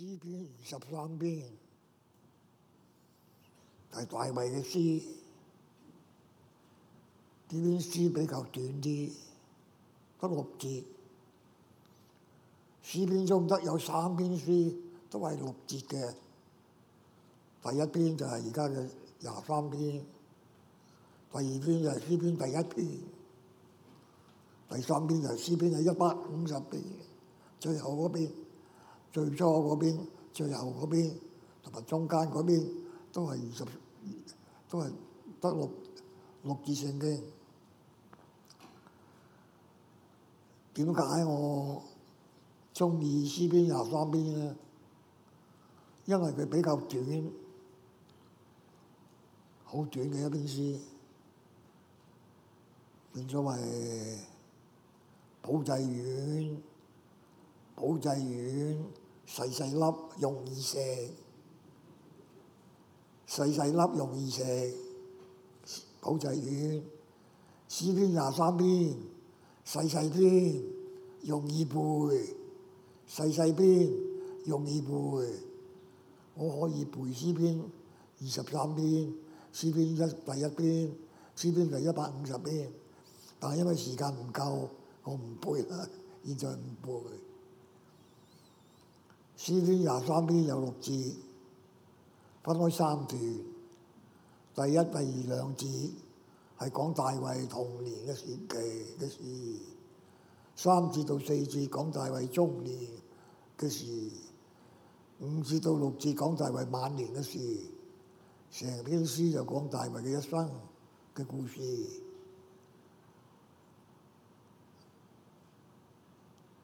詩篇二十三篇，係、就是、大衛嘅詩。呢篇詩比較短啲，得六節。詩篇中得有三篇詩都係六節嘅。第一篇就係而家嘅廿三篇，第二篇就係詩篇第一篇，第三篇就係詩篇嘅一百五十篇，最後嗰篇。最初嗰邊、最後嗰邊同埋中間嗰邊都係二十，都係得六六字聖經。點解我中意詩篇廿三篇咧？因為佢比較短，好短嘅一篇詩，正所謂保濟丸、保濟丸。細細粒容易食，細細粒容易食。保濟丸，詩篇廿三篇，細細篇容易背，細細篇容易背。我可以背詩篇二十三篇，詩篇一第一篇，詩篇第一百五十篇。但係因為時間唔夠，我唔背啦。現在唔背。詩篇廿三篇有六節，分開三段。第一、第二兩節係講大衛童年嘅時期嘅事；三節到四節講大衛中年嘅事；五節到六節講大衛晚年嘅事。成篇詩就講大衛嘅一生嘅故事。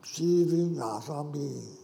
詩篇廿三篇。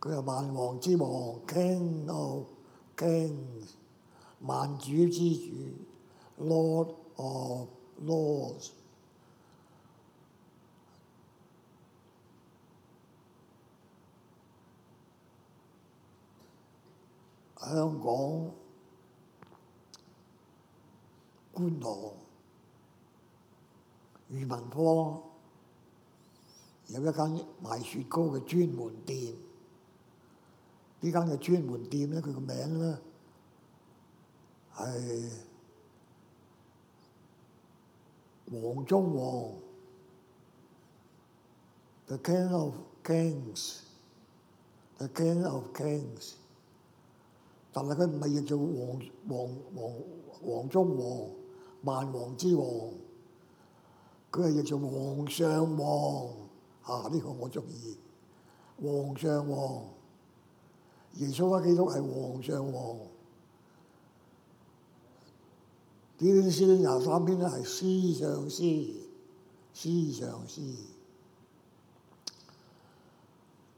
佢係萬王之王，King of Kings，萬主之主，Lord of Lords。香港觀塘裕民坊有一間賣雪糕嘅專門店。呢間嘅專門店咧，佢個名咧係王中王，The King of Kings，The King of Kings 但。但係佢唔係叫做王王王王中王萬王之王，佢係叫做皇上王，啊呢、這個我中意，皇上王。耶穌嘅基督係王上王，呢篇詩廿三篇咧係詩上詩，詩上詩。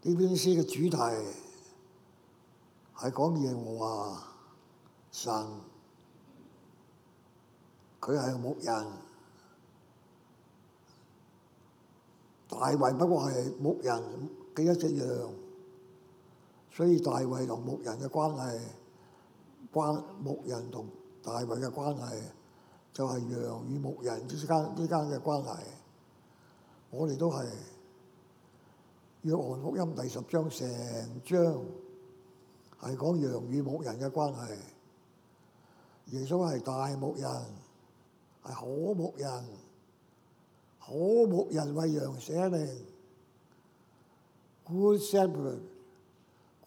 呢篇詩嘅主題係講耶和華神。佢係牧人，大衞不過係牧人，一隻羊。所以大衞同牧人嘅關係，關牧人同大衞嘅關係，就係羊與牧人之間之間嘅關係。我哋都係《約翰福音》第十章成章，係講羊與牧人嘅關係。耶穌係大牧人，係好牧人，好牧人為羊捨命。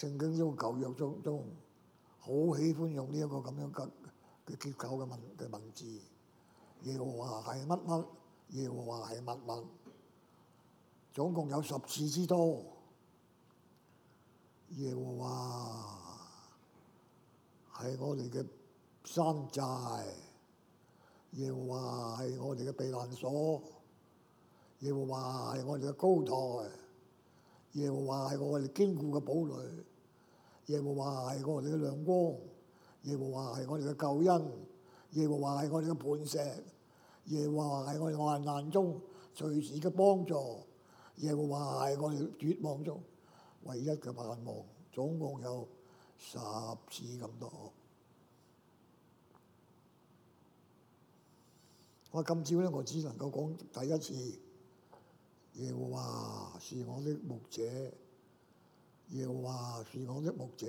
聖經中舊約中中，好喜歡用呢一個咁樣嘅嘅結構嘅文嘅文字。耶和華係乜乜，耶和華係乜乜，總共有十次之多。耶和華係我哋嘅山寨，耶和華係我哋嘅避難所，耶和華係我哋嘅高台，耶和華係我哋堅固嘅堡壘。耶和華係我哋嘅亮光，耶和華係我哋嘅救恩，耶和華係我哋嘅磐石，耶和華係我哋患難中隨時嘅幫助，耶和華係我哋絕望中唯一嘅盼望，總共有十次咁多。我今朝咧，我只能夠講第一次，耶和華是我的牧者。耶和華是我的牧者，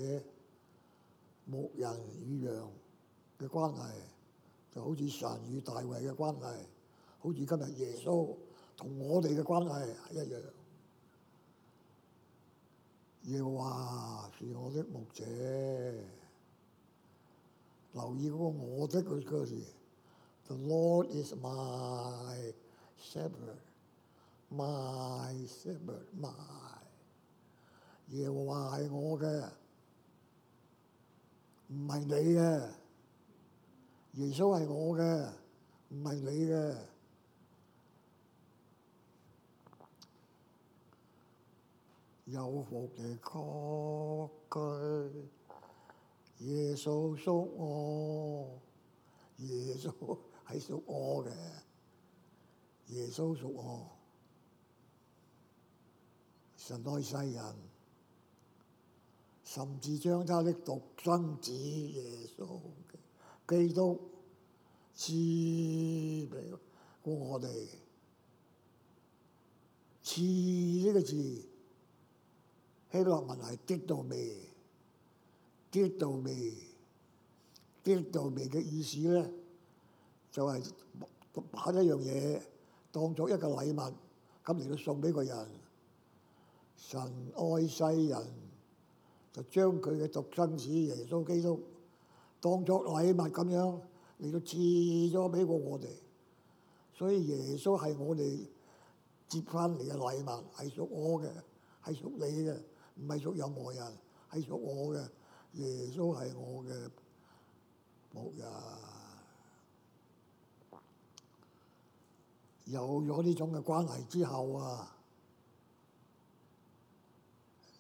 牧人與羊嘅關係，就好似神與大衞嘅關係，好似今日耶穌同我哋嘅關係一樣。耶和華是我的牧者，留意嗰個我的嗰句嘢，The Lord is my shepherd, my shepherd, my 耶和華係我嘅，唔係你嘅。耶穌係我嘅，唔係你嘅。有福嘅確據，耶穌屬我，耶穌係屬我嘅，耶穌屬我，神愛世人。甚至將他的獨生子耶穌基督賜俾我哋，賜呢、這個字希羅文係激到未？激到未？激到未嘅意思咧，就係、是、把一樣嘢當作一個禮物咁嚟到送俾個人。神愛世人。就將佢嘅獨生子耶穌基督當作禮物咁樣嚟到賜咗俾過我哋，所以耶穌係我哋接翻嚟嘅禮物，係屬我嘅，係屬你嘅，唔係屬任何人，係屬我嘅。耶穌係我嘅牧人，有咗呢種嘅關係之後啊！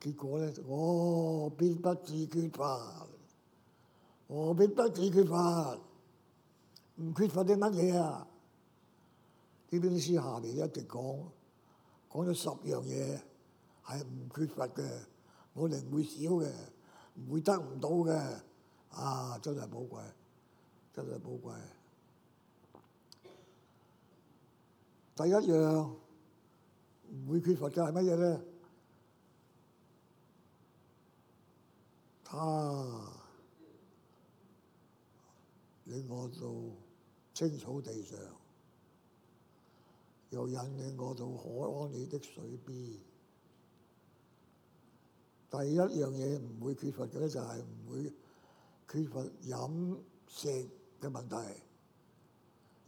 結果咧，我、哦、必不致缺乏，我、哦、必不致缺乏，唔缺乏啲乜嘢啊？啲經書下邊一直講，講咗十樣嘢係唔缺乏嘅，冇零會少嘅，唔會得唔到嘅，啊，真係寶貴，真係寶貴。第一樣唔會缺乏嘅係乜嘢咧？它引、啊、我到青草地上，又引領我到可安歇的水邊。第一樣嘢唔會缺乏嘅咧，就係、是、唔會缺乏飲食嘅問題。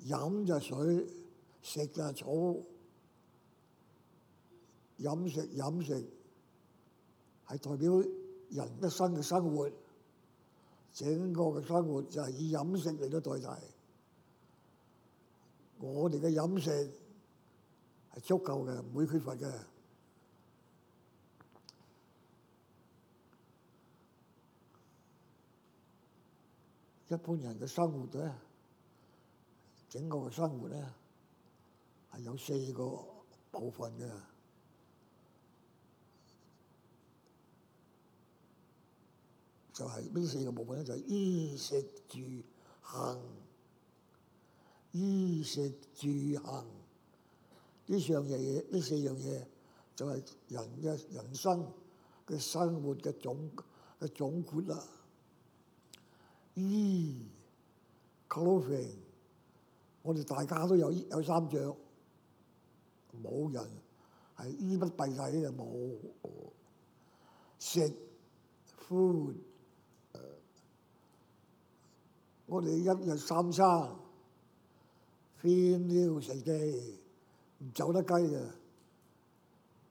飲就水，食就草。飲食飲食係代表。人一生嘅生活，整個嘅生活就係以飲食嚟到代替。我哋嘅飲食係足夠嘅，唔會缺乏嘅。一般人嘅生活咧，整個嘅生活咧係有四個部分嘅。就係呢四個部分咧，就係衣食住行。衣食住行呢四樣嘢，呢四樣嘢就係人嘅人生嘅生活嘅總嘅總括啦。衣 clothing，我哋大家都有衣有衫著；冇人係衣不蔽體呢？就冇。食 food。我哋一日三餐，天要食嘅，唔走得雞嘅，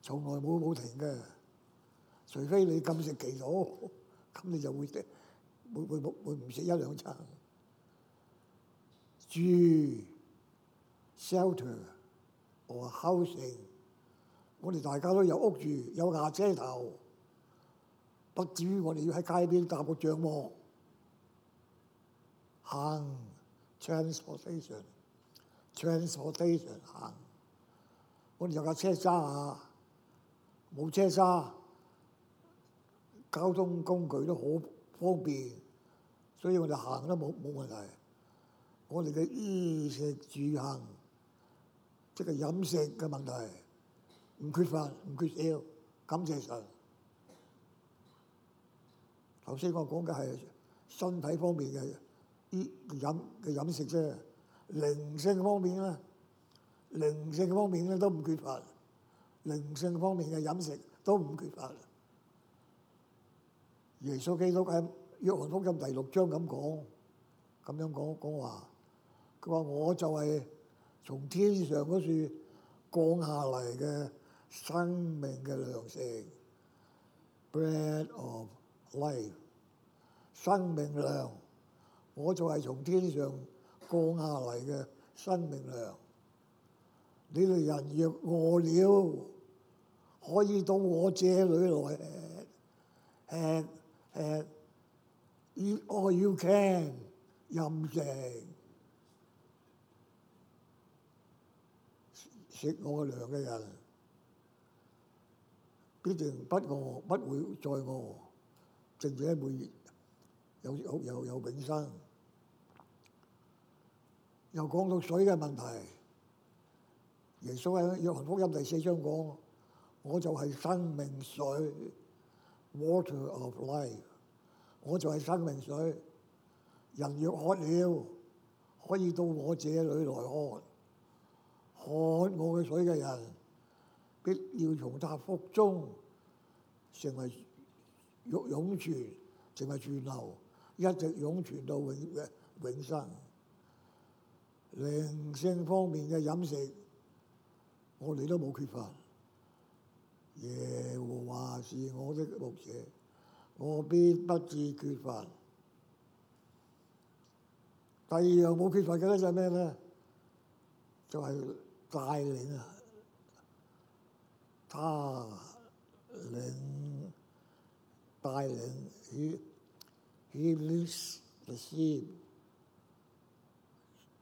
從來冇冇停嘅，除非你禁食祈禱，咁你就會會會會唔食一兩餐。住，shelter 和 house 我哋大家都有屋住，有瓦遮頭，不至於我哋要喺街邊搭個帳幕。行 transportation，transportation 行，我哋有架車揸下，冇車揸，交通工具都好方便，所以我哋行都冇冇問題。我哋嘅衣食住行，即係飲食嘅問題，唔缺乏唔缺少。感謝神。頭先我講嘅係身體方面嘅。啲飲嘅飲食啫，靈性方面咧，靈性方面咧都唔缺乏，靈性方面嘅飲食都唔缺乏。耶穌基督喺《約翰福音》第六章咁講，咁樣講講話，佢話我就係從天上嗰處降下嚟嘅生命嘅糧食，bread of life，生命糧。我就係從天上降下嚟嘅生命糧。你哋人若餓了，可以到我這裏來。誒誒，eat all you can，任食食我糧嘅人，必定不餓，不會再餓，並且會有有有永生。又講到水嘅問題，耶穌喺約翰福音第四章講：我就係生命水，water of life，我就係生命水。人若渴了，可以到我這裏來喝。喝我嘅水嘅人，必要從他腹中成為湧泉，成為泉流，一直湧泉到永嘅永生。靈性方面嘅飲食，我哋都冇缺乏。耶和華是我的牧者，我必不至缺乏。第二樣冇缺乏嘅咧就係就咩咧？就係、是就是、帶領啊！帶領，帶領於於汝事先。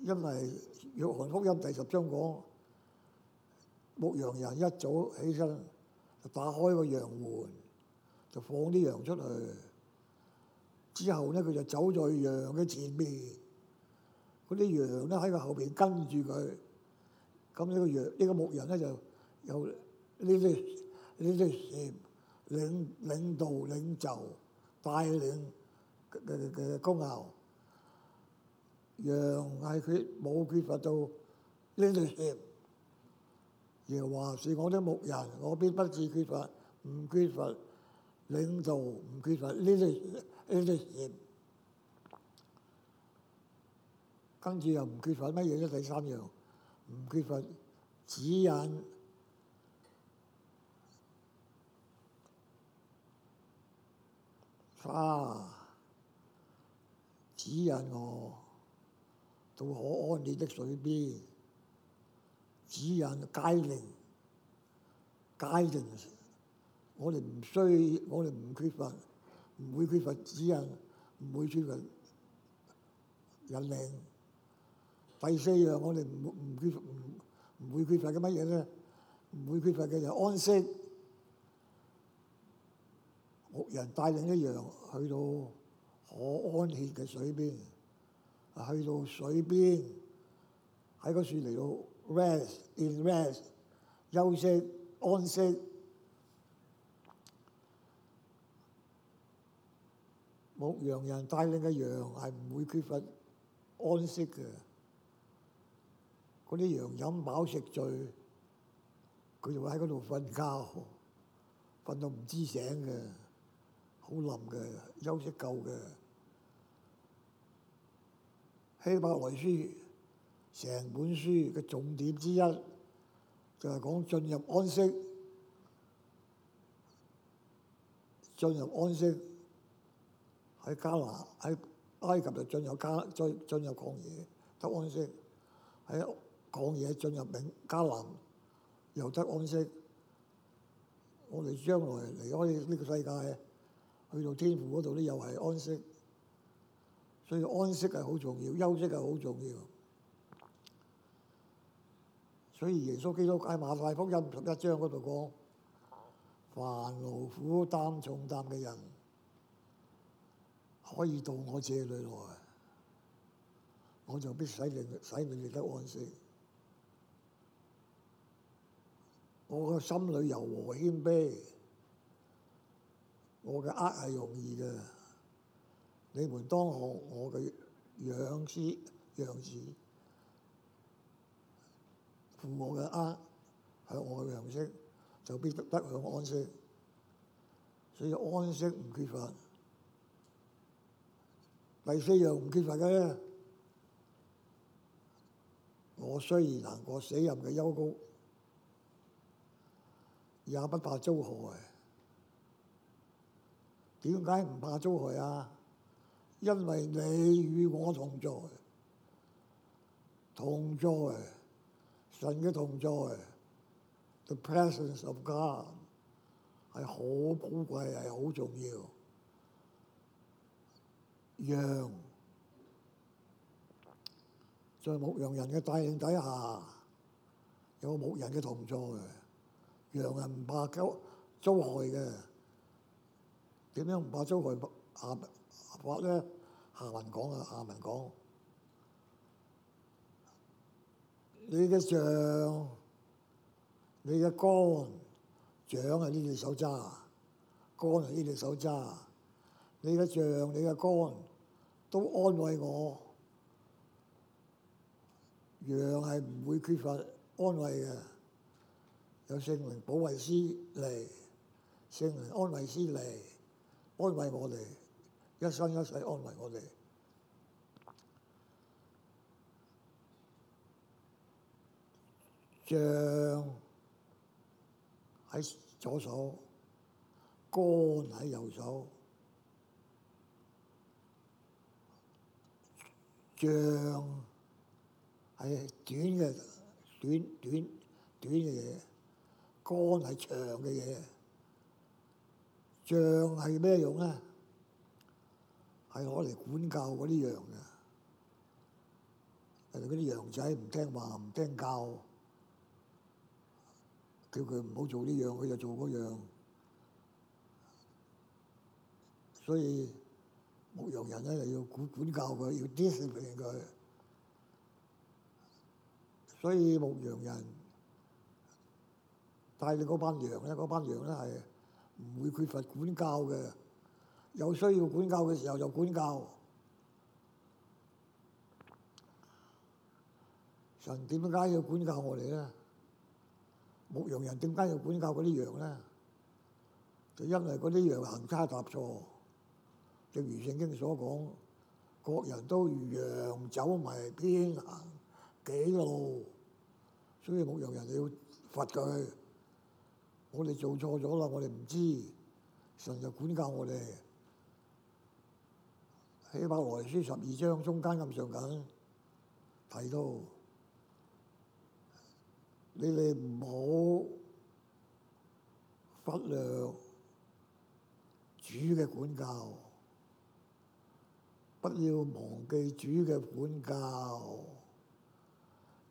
因為《約翰福音》第十章講，牧羊人一早起身，就打開個羊門，就放啲羊出去。之後咧，佢就走在羊嘅前面，嗰啲羊咧喺佢後邊跟住佢。咁呢個羊，呢、這個牧羊咧就有呢啲呢啲是領導領導、領袖、帶領嘅嘅嘅功效。羊係佢冇缺乏到呢啲嘢，耶和華是我啲牧人，我必不至缺乏，唔缺乏領導，唔缺乏呢啲呢啲嘢，跟住又唔缺乏乜嘢咧？第三樣唔缺乏指引，花、啊、指引我。到可安歇的水邊，指引，解令，解令，我哋唔需，我哋唔缺乏，唔會缺乏指引，唔會缺乏引領。第四樣，我哋唔唔缺乏，唔唔會缺乏嘅乜嘢咧？唔會缺乏嘅就安息。牧人帶領啲羊去到可安歇嘅水邊。去到水邊，喺個樹嚟到 rest in rest，休息安息。牧羊人帶領嘅羊係唔會缺乏安息嘅。嗰啲羊飲飽食醉，佢就會喺嗰度瞓覺，瞓到唔知醒嘅，好冧嘅，休息夠嘅。《希伯來書》成本書嘅重點之一，就係講進入安息。進入安息喺迦南，喺埃及就進入迦進進入曠野得安息；喺曠野進入明迦南又得安息。我哋將來離開呢個世界，去到天父嗰度咧，又係安息。所以安息係好重要，休息係好重要。所以耶穌基督喺馬太福音十一章嗰度講：凡勞苦擔重擔嘅人，可以到我這裏來，我就必使你使你哋得安息。我嘅心裏柔和謙卑，我嘅軛係容易嘅。你們當學我嘅樣子樣子，父母嘅軛喺我嘅樣式，就必得享安息。所以安息唔缺乏。第四樣唔缺乏嘅咧，我雖然難過死人嘅幽谷，也不怕遭害。點解唔怕遭害啊？因為你與我同在，同在神嘅同在，The presence of God 係好寶貴，係好重要。羊在牧羊人嘅帶領底下，有牧人嘅同在。羊人唔怕遭遭害嘅，點樣唔怕遭害？阿、啊或者，下文講啊，下文講，你嘅杖、你嘅竿、杖係呢隻手揸，竿係呢隻手揸，你嘅杖、你嘅竿都安慰我，羊係唔會缺乏安慰嘅，有聖靈保惠師嚟，聖靈安慰師嚟安慰我哋。一生一世安慰我哋，杖喺左手，竿喺右手，杖係短嘅，短短短嘅嘢，竿係長嘅嘢，杖係咩用咧？係攞嚟管教嗰啲羊嘅，人哋啲羊仔唔聽話、唔聽教，叫佢唔好做呢樣，佢就做嗰樣。所以牧羊人咧又要管管教佢，要 discipline 佢。所以牧羊人帶你嗰班羊咧，嗰班羊咧係唔會缺乏管教嘅。有需要管教嘅時候就管教。神點解要管教我哋咧？牧羊人點解要管教嗰啲羊咧？就因為嗰啲羊行差踏錯，正如聖經所講，各人都如羊走迷，偏行己路，所以牧羊人就要罰佢。我哋做錯咗啦，我哋唔知，神就管教我哋。《希伯來書》十二章中間咁上下提到，你哋唔好忽略主嘅管教，不要忘記主嘅管教，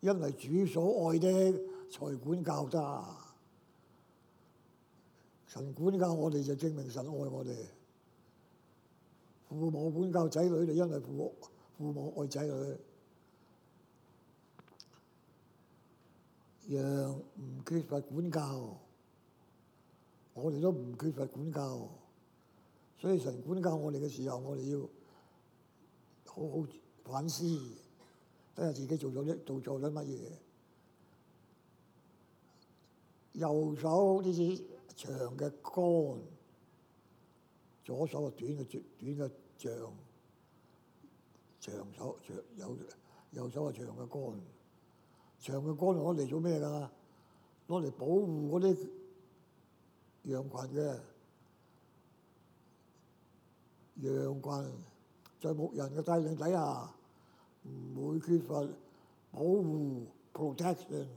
因為主所愛的才管教得，神管教我哋就證明神愛我哋。父母管教仔女，就因為父母父母愛仔女，又唔缺乏管教。我哋都唔缺乏管教，所以神管教我哋嘅時候，我哋要好好反思，睇下自己做咗啲做錯咗乜嘢。右手呢啲長嘅杆。左手係短嘅短嘅杖。象左象右，右手係長嘅杆。嗯、長嘅杆攞嚟做咩㗎？攞嚟保護嗰啲羊群嘅羊羣在牧人嘅帶領底下唔會缺乏保護 protection，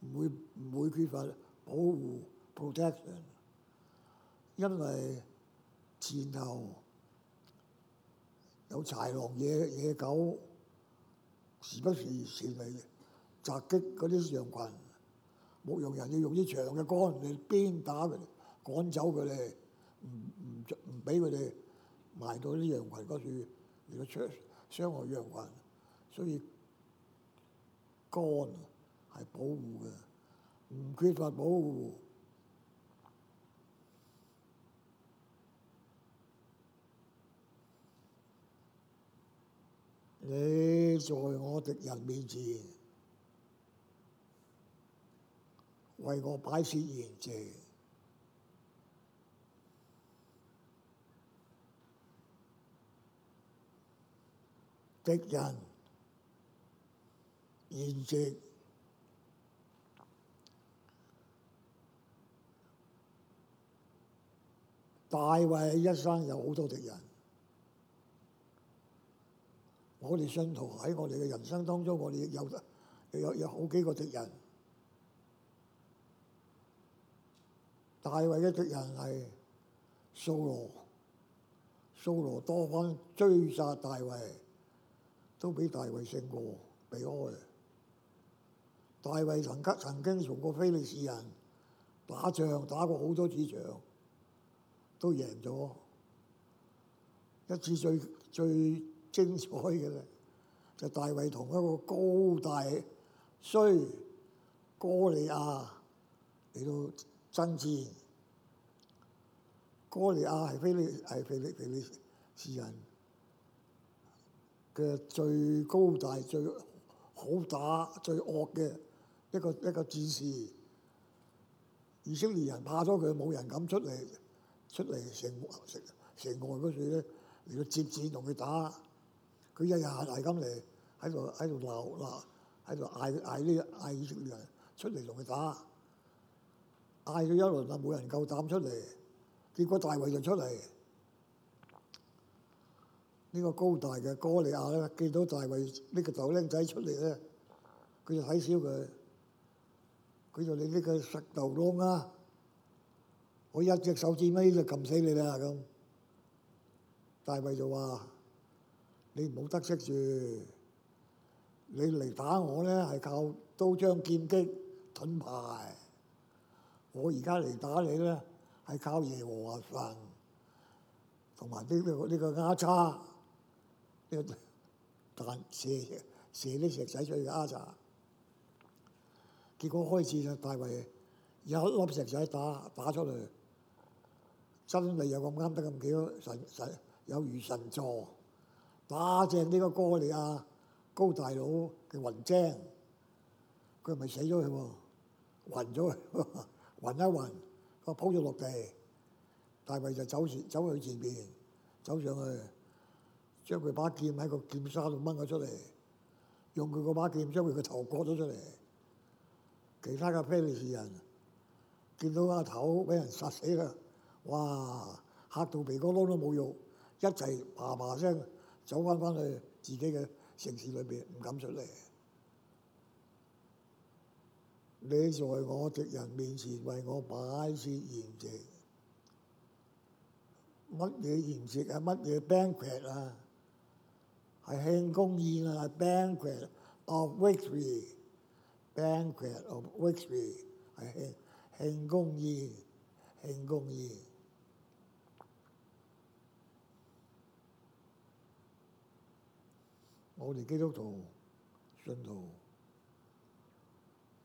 唔會唔會缺乏保護 protection，因為。前後有豺狼野野狗，時不時前嚟襲擊嗰啲羊群。牧羊人要用啲長嘅竿嚟鞭打佢，趕走佢哋，唔唔唔俾佢哋埋到啲羊群嗰處，嚟到出傷害羊群。所以竿係保護嘅，唔缺乏保護。你在我敵人面前，為我擺設筵席，敵人筵席，大衛一生有好多敵人。我哋信徒喺我哋嘅人生當中，我哋有有有好幾個敵人。大衛嘅敵人係掃羅，掃羅多方追殺大衛，都俾大衛勝過，避開。大衛曾吉曾經同過非利士人打仗，打過好多次仗，都贏咗。一次最最精彩嘅啦，就是、大衛同一個高大、衰哥利亞嚟到爭戰。哥利亞係非利係非利非利士人嘅最高大、最好打、最惡嘅一個一個戰士。以色列人怕咗佢，冇人敢出嚟出嚟，城城城外嗰處咧嚟到接戰同佢打。佢日日係咁嚟喺度喺度鬧鬧，喺度嗌嗌啲嗌人出嚟同佢打，嗌咗一輪啦，冇人夠膽出嚟，結果大衞就出嚟，呢、呢個高大嘅哥利亞咧，見到大衞呢個豆僆仔出嚟咧，佢就睇小佢，佢就你呢個實豆窿啊，我一隻手指尾就撳死你啦咁，大衞就話，你唔好得戚住，你嚟打我咧係靠刀槍劍戟盾牌，我而家嚟打你咧係靠耶和華神，同埋呢個呢、呢個丫叉，呢、呢個彈射射啲石，石仔出去嘅丫叉，結果開始就大衛有一粒石仔打打出嚟，真係有咁啱得咁巧神神有如神助。打正呢個哥利亞，高大佬嘅雲章，佢咪死咗佢喎，暈咗，暈一暈，佢鋪咗落地，大衛就走，走前走去前邊走上去，將佢把劍喺個劍沙度掹咗出嚟，用佢個把劍將佢個頭割咗出嚟，其他嘅非利士人見到阿頭俾人殺死啦，哇嚇到鼻哥窿都冇肉，一齊爬爬聲。走翻翻去自己嘅城市裏邊，唔敢出嚟。你在我敵人面前為我擺設筵席，乜嘢筵席啊？乜嘢 banquet 啊？係慶功宴啊！Banquet of victory，banquet of victory 係慶慶功宴，慶功宴。我哋基督徒信徒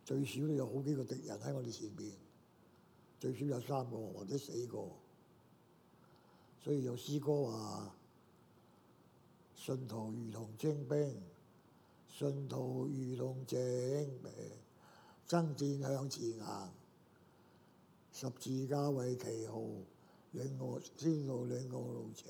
最少都有好幾個敵人喺我哋前邊，最少有三個或者四個。所以有詩歌話：「信徒如同精兵，信徒如同精兵，爭戰向前行，十字架為旗號，領我先路，領我路程。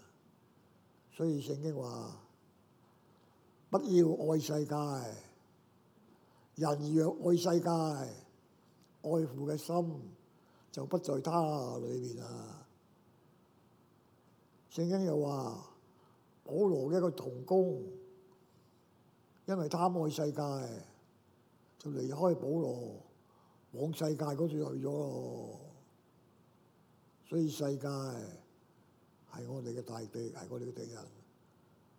所以聖經話不要愛世界，人若愛世界，愛父嘅心就不在他裏面啦。聖經又話，保羅嘅一個同工，因為貪愛世界，就離開保羅，往世界嗰處去咗咯。所以世界，係我哋嘅大地，係我哋嘅敵人，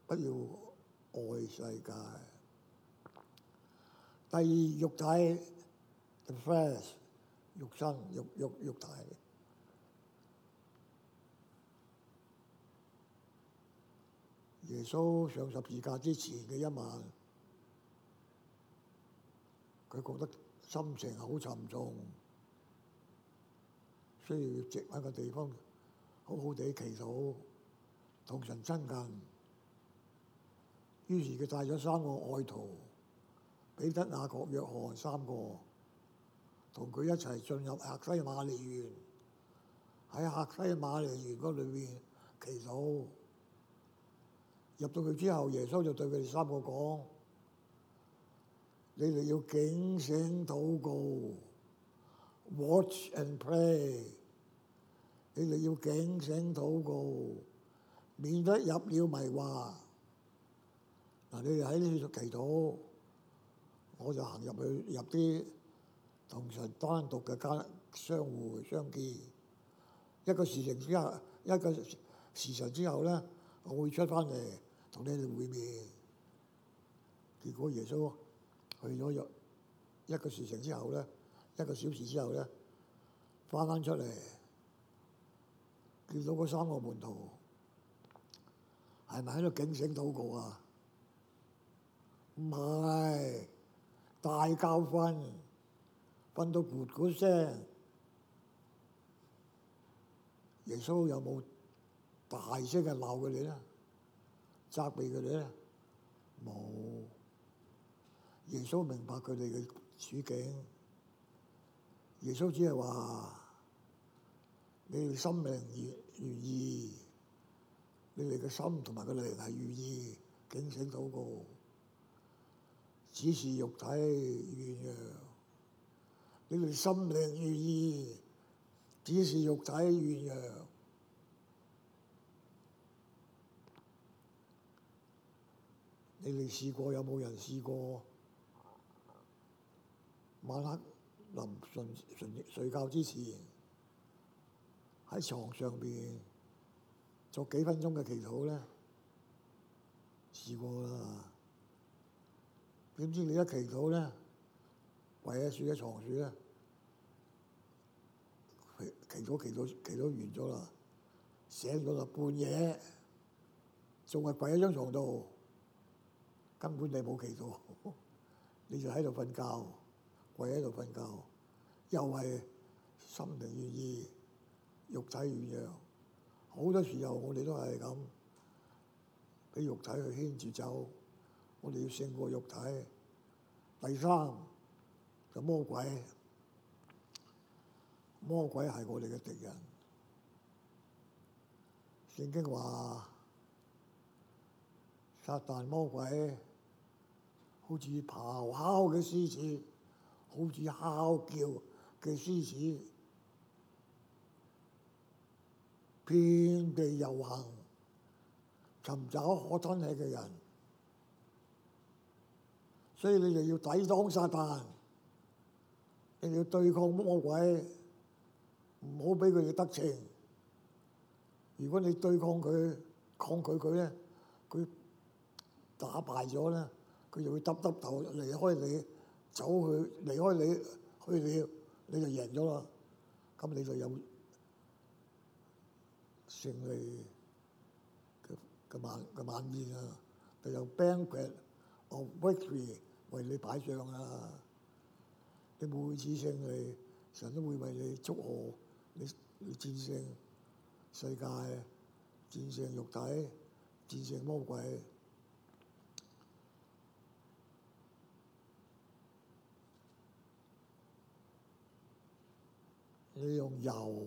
不要愛世界。第二，肉體，the first 肉身，肉肉肉體。耶穌上十字架之前嘅一晚，佢覺得心情好沉重，需要藉喺個地方。好好地祈禱，同神親近。於是佢帶咗三個愛徒，彼得、雅各、約翰三個，同佢一齊進入客西馬尼園。喺客西馬尼園嗰裏邊祈禱。入到去之後，耶穌就對佢哋三個講：你哋要警醒禱告，Watch and pray 你哋要警醒禱告，免得入了迷話。嗱，你哋喺呢度祈禱，我就行入去入啲同神單獨嘅間相互相見。一個時辰之後，一個時辰之，之後咧，我會出翻嚟同你哋會面。結果耶穌去咗入一個時辰之後咧，一個小時之後咧，翻翻出嚟。見到嗰三個門徒係咪喺度警醒禱告啊？唔係大教訓，瞓到潑嗰聲，耶穌有冇大聲嘅鬧佢哋咧？責備佢哋咧？冇。耶穌明白佢哋嘅處境，耶穌只係話：你要心靈願意，你哋嘅心同埋個靈係願意，警醒禱告，只是肉體軟弱，你哋心靈願意，只是肉體軟弱。你哋試過有冇人試過晚黑臨瞓瞓覺之前？喺床上邊做幾分鐘嘅祈禱咧，試過啦。點知你一祈禱咧，跪喺樹嘅床樹咧，祈禱祈禱祈到祈到完咗啦，醒咗啦半夜，仲係跪喺張床度，根本你冇祈禱， 你就喺度瞓覺，跪喺度瞓覺，又係心靈願意。肉體軟弱，好多時候我哋都係咁，俾肉體去牽住走，我哋要勝過肉體。第三就是魔鬼，魔鬼係我哋嘅敵人。聖經話，撒旦魔鬼好似咆哮嘅獅子，好似哮叫嘅獅子。天地遊行，尋找可吞吃嘅人，所以你就要抵擋撒旦，你要對抗魔鬼，唔好俾佢哋得逞。如果你對抗佢，抗拒佢咧，佢打敗咗咧，佢就會耷耷頭，離開你，走去離開你去了，你就贏咗啦。咁你就有。勝利嘅嘅晚嘅晚宴啊！佢有 banquet of victory 為你擺上啊！你每次勝利，神都會為你祝賀，你戰勝世界，戰勝肉體，戰勝魔鬼。你用油。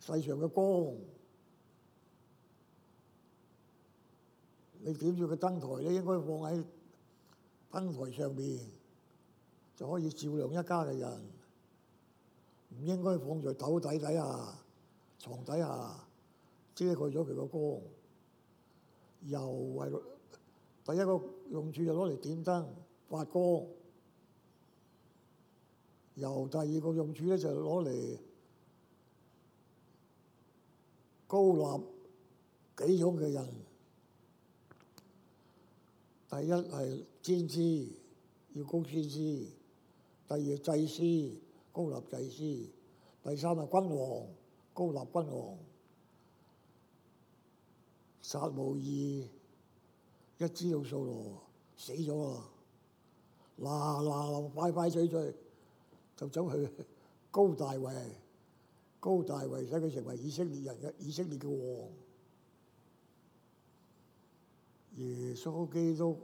世上嘅光，你點住嘅燈台咧，應該放喺燈台上面，就可以照亮一家嘅人。唔應該放在斗底底下，床底下遮蓋咗佢嘅光。又為第一個用處，就攞嚟點燈發光。又第二個用處咧，就攞嚟。高立幾種嘅人，第一係先知，要高先知；第二祭司，高立祭司；第三係君王，高立君王。撒母耳，一知道掃羅，死咗啦！嗱嗱，快快脆脆，就走去高大衛。高大衛使佢成為以色列人嘅以色列嘅王，耶穌基督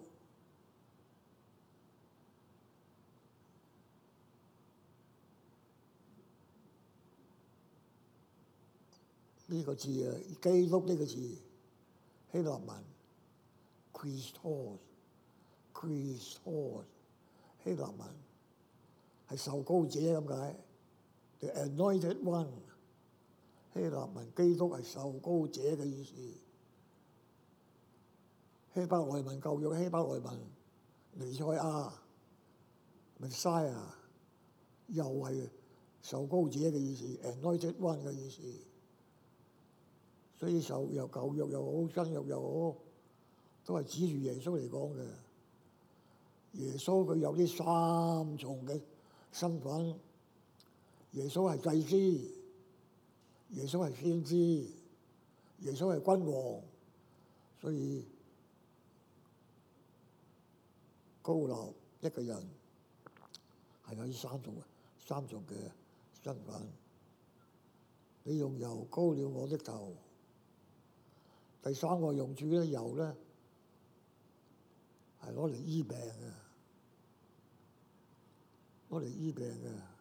呢個字啊，基督呢個字希臘文 Christos，Christos 希臘文係受膏者咁解。Anointed One 希臘文基督係受膏者嘅意思，希伯來文舊約，希伯來文彌賽亞、Messiah，又係受膏者嘅意思，Anointed One 嘅意思。所以受又舊約又好，新約又好，都係指住耶穌嚟講嘅。耶穌佢有啲三重嘅身份。耶穌係祭司，耶穌係先知，耶穌係君王，所以膏立一個人係可以三重，三重嘅身份。你用油膏了我的頭，第三個用住嘅油咧，係攞嚟醫病嘅，攞嚟醫病嘅。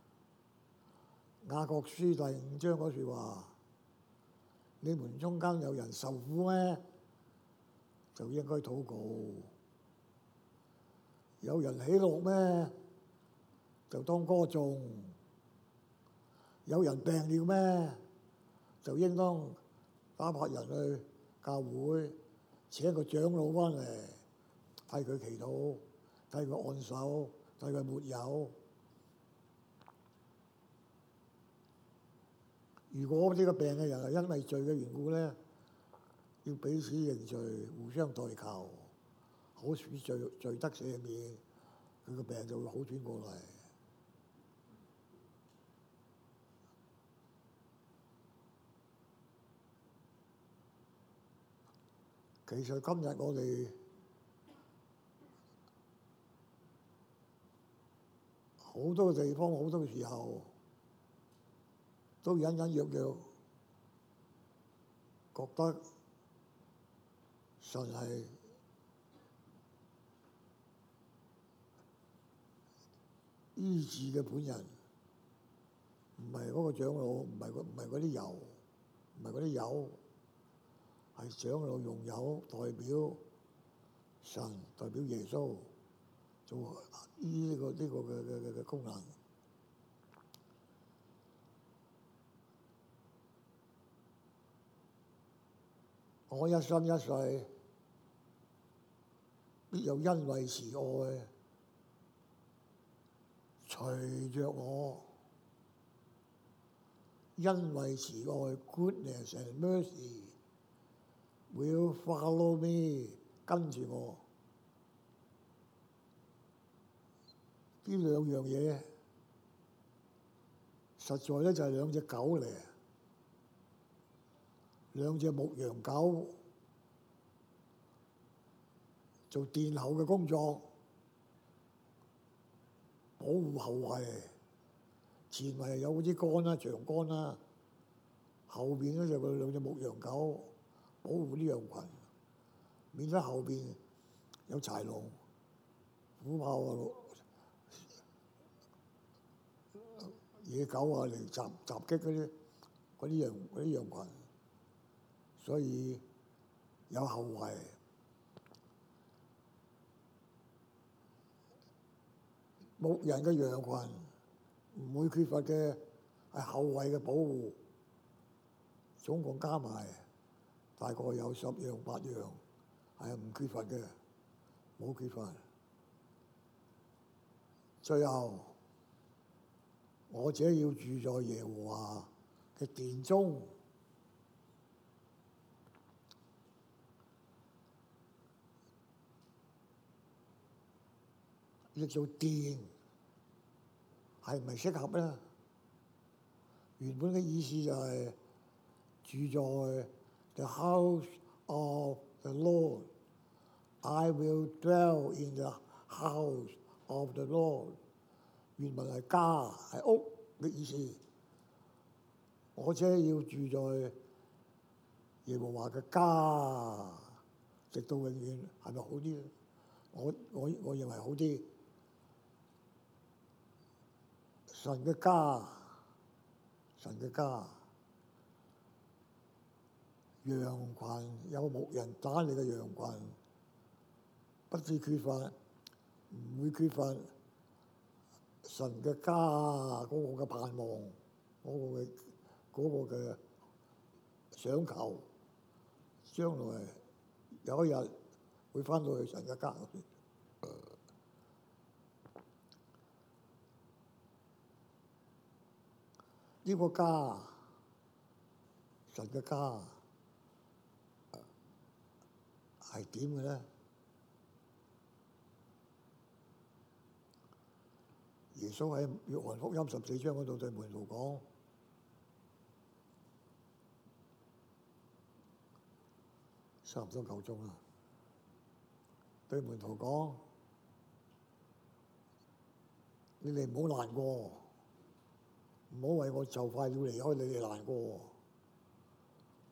雅各書第五章嗰句話：你們中間有人受苦咩，就應該禱告；有人喜樂咩，就當歌頌；有人病了咩，就應當打發人去教會，請個長老翻嚟替佢祈禱，替佢按手，替佢抹油。如果呢個病嘅人係因為罪嘅緣故咧，要彼此認罪，互相代求，好使罪罪得赦免，佢個病就會好轉過嚟。其實今日我哋好多地方，好多時候，都隱隱約約覺得神係醫治嘅本人，唔係嗰個長老，唔係嗰唔係嗰啲油，唔係嗰啲油，係長老用油代表神，代表耶穌做醫呢個呢個嘅嘅嘅功能。我一生一世必有恩惠慈愛，隨着我，恩惠慈愛，Goodness and mercy will follow me 跟住我，呢兩樣嘢實在咧就係兩隻狗嚟。兩隻牧羊狗做殿後嘅工作，保護後衞。前衞有嗰啲杆啦、長杆啦，後邊咧就有兩隻牧羊狗保護呢羊羣，免得後邊有豺狼、虎豹啊、野狗啊嚟襲襲擊嗰啲嗰啲羊嗰啲羊羣。所以有後衞牧人嘅羊群唔會缺乏嘅，係後衞嘅保護。總共加埋，大概有十樣八樣，係唔缺乏嘅，冇缺乏。最後，我者要住在耶和華嘅殿中。要做殿係咪適合咧？原本嘅意思就係、是、住在 the house of the Lord，I will dwell in the house of the Lord 原。原文係家係屋嘅意思，我啫要住在耶和華嘅家，直到永遠，係咪好啲？我我我認為好啲。神嘅家，神嘅家，羊群有冇人打你嘅羊群不至缺乏，唔會缺乏神。神嘅家嗰個嘅盼望，嗰、嗰個嘅嗰、嗰個嘅想求，將來有一日會返到去神嘅家。呢個家，神嘅家，係點嘅咧？耶穌喺約翰福音十四章嗰度對門徒講， 差唔多夠鐘啦。 對門徒講：你哋唔好難過。唔好為我就快要離開你哋難過，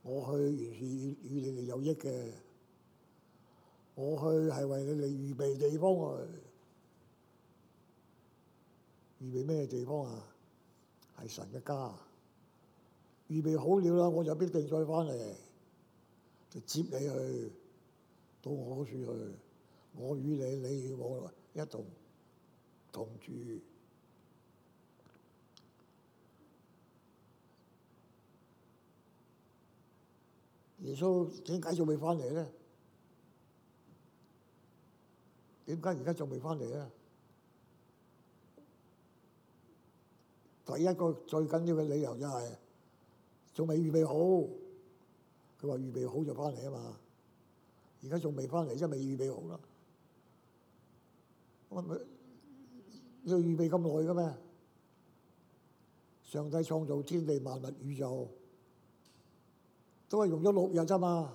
我去完全是與你哋有益嘅，我去係為你哋預備地方去，預備咩地方啊？係神嘅家，預備好了啦，我就必定再翻嚟，就接你去到我處去，我與你，你與我一同同住。耶穌點解仲未翻嚟咧？點解而家仲未翻嚟咧？第一個最緊要嘅理由就係仲未預備好。佢話預備好就翻嚟啊嘛。而家仲未翻嚟，即係未預備好啦。乜要預備咁耐嘅咩？上帝創造天地萬物宇宙。都係用咗六日啫嘛，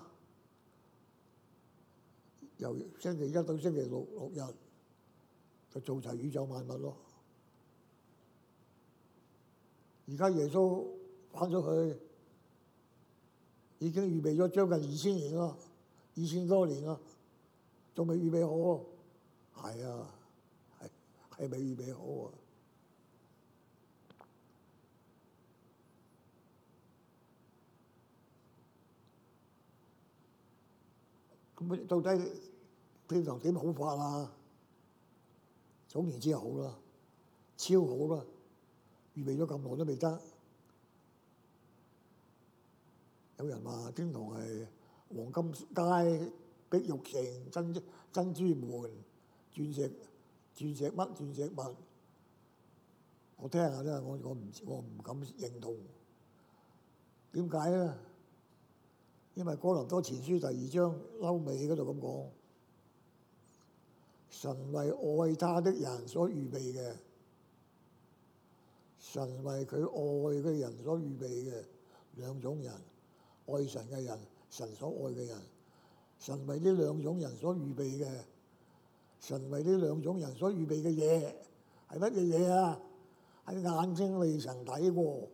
由星期一到星期六六日就做齊宇宙萬物咯。而家耶穌翻咗去，已經預備咗將近二千年啊，二千多年啊，仲未預備好咯。係啊，係係未預備好啊！咁到底天堂點好法啊？總言之係好啦，超好啦，預備咗咁耐都未得。有人話天堂係黃金街、碧玉城、珍珠珍珠門、鑽石鑽石乜、鑽石乜，我聽下先，我我唔我唔敢認同。點解咧？因為《哥林多前書》第二章收尾嗰度咁講，神為愛他的人所預備嘅，神為佢愛嘅人所預備嘅兩種人，愛神嘅人，神所愛嘅人，神為呢兩種人所預備嘅，神為呢兩種人所預備嘅嘢係乜嘢嘢啊？喺眼睛未曾睇過，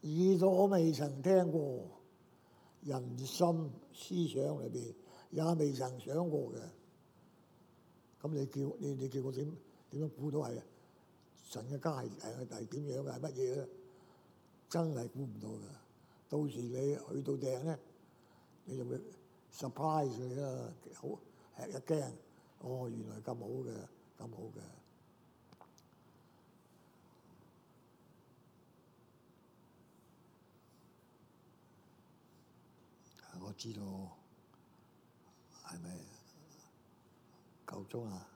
耳朵未曾聽過。人心思想裏邊也未曾想過嘅，咁你叫你你叫我點點樣估到係神嘅家係係係點樣嘅係乜嘢咧？真係估唔到㗎！到時你去到訂咧，你就會 surprise 你啦，好吃一驚！哦，原來咁好嘅，咁好嘅。知道係咪夠鐘啦？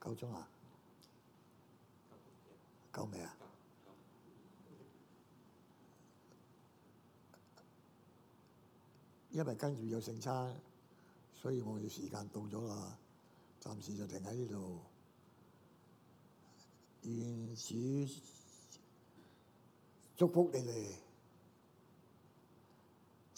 夠鐘啦？夠未啊？因為跟住有聖餐，所以我嘅時間到咗啦，暫時就停喺呢度。願主祝福你哋。